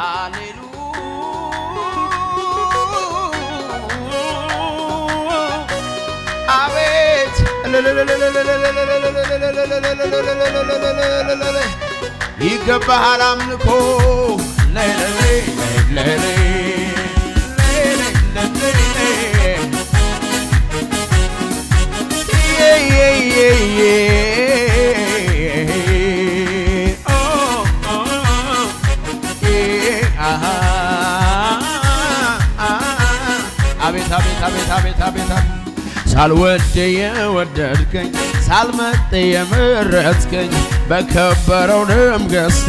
አቤት ይገባሃል አምልኮ ሳልወድ የወደድከኝ ሳልመጥ የመረጥከኝ በከበረው ደም ገዝተ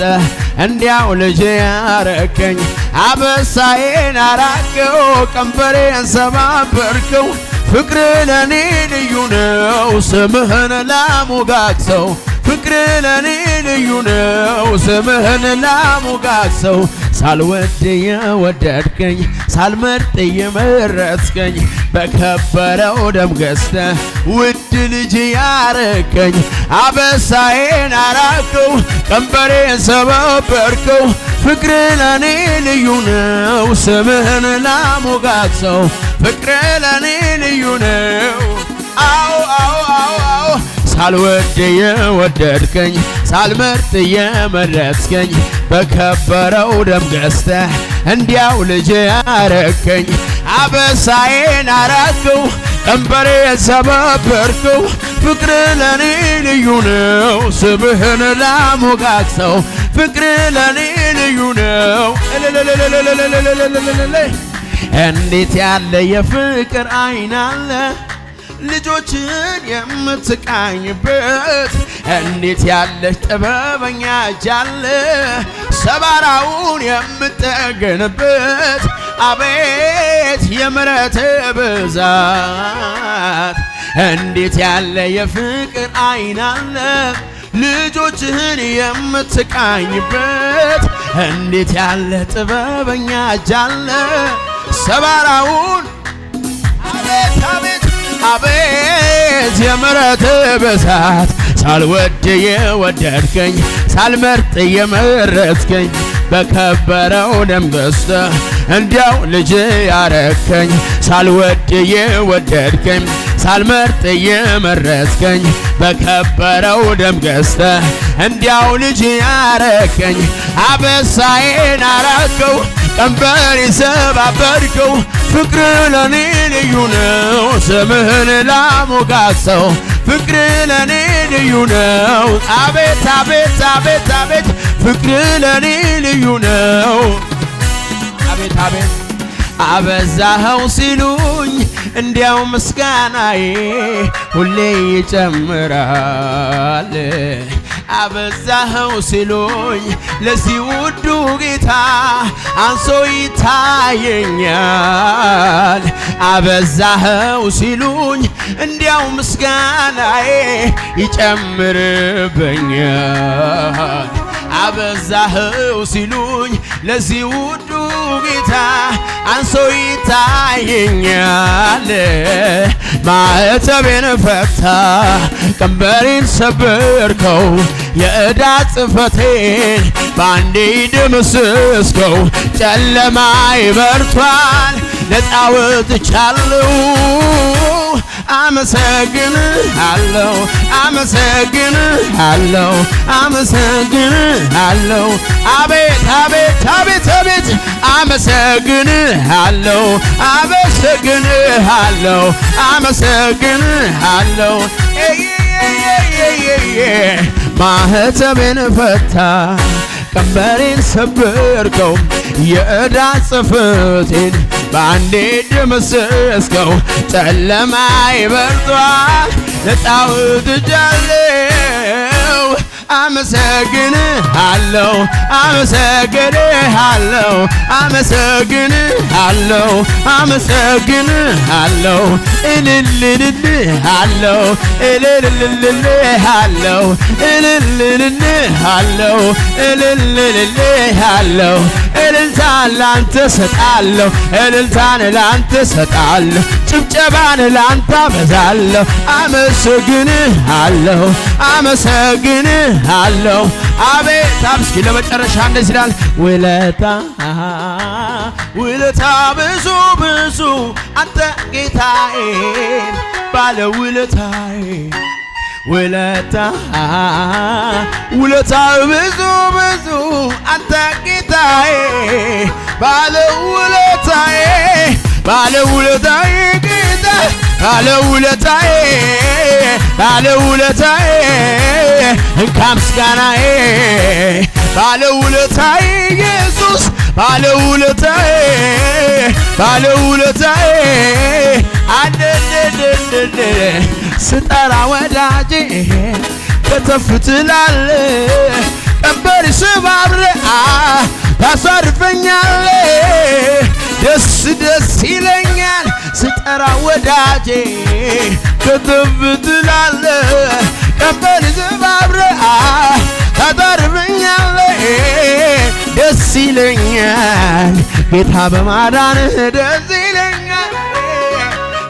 እንዲያው ልጅ ያረከኝ አበሳዬን አራቀው ቀንበሬን ሰባበርከው ፍቅር ለኔ ልዩ ነው ስምህን ላሞጋግሰው ፍቅር ለኔ ልዩ ነው። ስምህን ላሙጋሰው ሳልወድ የወደድከኝ ሳልመርጥ የመረጥከኝ በከበረው ደም ገዝተ ውድ ልጅ ያረከኝ አበሳዬን አራቅከው ቀንበሬን ሰባበርከው። ፍቅር ለኔ ልዩ ነው። ስምህን ላሙጋሰው ፍቅር ለኔ ልዩ ነው። አዎ አዎ ሳልወድ የወደድከኝ ሳልመርጥ የመረጥከኝ በከበረው ደም ገዝተህ እንዲያው ልጅ አረከኝ። አበሳዬን አራቅው ቀንበሬ ሰበበርከው። ፍቅር ለኔ ልዩ ነው ስምህን ላሞጋግሰው። ፍቅር ለኔ ልዩ ነው። እንዴት ያለ የፍቅር አይናለ ልጆችን የምትቃኝበት እንዴት ያለች ጥበበኛ እጃለ ሰባራውን የምጠገንበት አቤት የምረት ብዛት እንዴት ያለ የፍቅር አይናለ ልጆችህን የምትቃኝበት እንዴት ያለ ጥበበኛ እጃለ ሰባራውን አቤት አቤት የምረት ብዛት ሳልወድ የወደድከኝ ሳልመርጥ የመረጥከኝ በከበረው ደም ገዝተህ እንዲያው ልጅ ያረከኝ ሳልወድ የወደድከኝ ሳልመርጥ የመረጥከኝ በከበረው ደም ገስተ እንዲያው ልጅ ያረከኝ አበሳዬን አረከው ቀንበር የሰባበርከው ፍቅር ለኔ ልዩ ነው። ስምህን ላሞጋሰው ፍቅር ለኔ ልዩ ነው። አቤት አቤት አቤት አቤት ፍቅር ለኔ ልዩ ነው። አቤት አቤት አበዛኸው ሲሉኝ እንዲያው ምስጋናዬ ሁሌ ይጨምራል አበዛኸው ሲሉኝ ለዚህ ውዱ ጌታ አንሶ ይታየኛል። አበዛኸው ሲሉኝ እንዲያው ምስጋናዬ ይጨምርበኛል። አበዛህው ሲሉኝ ለዚህ ውዱ ጌታ አንሶ ይታየኛል። ማዕተቤን ፈታ ቀንበሬን ሰብርከው የዕዳ ጽፈቴን በአንዴ ድምስስከው ጨለማ ይበርቷል ነፃ ወጥቻለሁ አመሰግን አለው አመሰግን አለው አመሰግን አለው አቤት አቤት አቤት አቤት አመሰግን አለው አመሰግን አመሰግን አለው ማህተቤን ፈታ ቀንበሬን ሰበርከው የዕዳ ጽፈቴን በአንዴ ደመሰስከው ጨለማ ይበርቷል ነፃ ወጥቻለሁ አመሰግን አለው አመሰግን አለው አመሰግን አለው አመሰግን አለው እልልልል አለው እልልልል አለው እልልልል አለው እልልልል አለው እልልታን ላንተ ሰጣለሁ፣ እልልታን ላንተ ሰጣለሁ፣ ጭብጨባን ላንተ አበዛለሁ። አመሰግንህ አለሁ፣ አመሰግን አለሁ። አቤት አብስኪ ለመጨረሻ እንደዚህ ይላል ውለታ ውለታ ብዙ ብዙ አንተ ጌታዬ ባለ ውለታዬ ውለታ ውለታ ብዙ ብዙ አንተ ጌታዬ ባለ ውለታዬ ባለ ውለታዬ ጌታ ባለ ውለታዬ ባለ ውለታዬ እንካ ምስጋናዬ ባለ ውለታዬ ኢየሱስ ባለ ውለታዬ ባለ ውለታዬ ስጠራ ወዳጄ ከተፍ ትላለ ቀንበር ስባብረ ታሳርፈኛለ ደስ ደስ ይለኛል ስጠራ ወዳጄ ከተፍ ትላለ ቀንበር ስባብረ ታሳርፈኛለ ደስ ይለኛል ጌታ በማዳንህ ደስ ይለኛል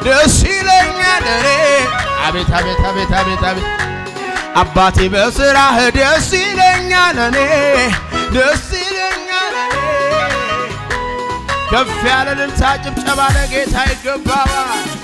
ደስ ይለኛል አቤት አቤት አቤት አቤት አቤት አባቴ በስራህ ደስ ይለኛል እኔ ደስ ይለኛል እኔ ከፍ ያለ ልልታ ጭብጨባ ለጌታ ይገባዋል።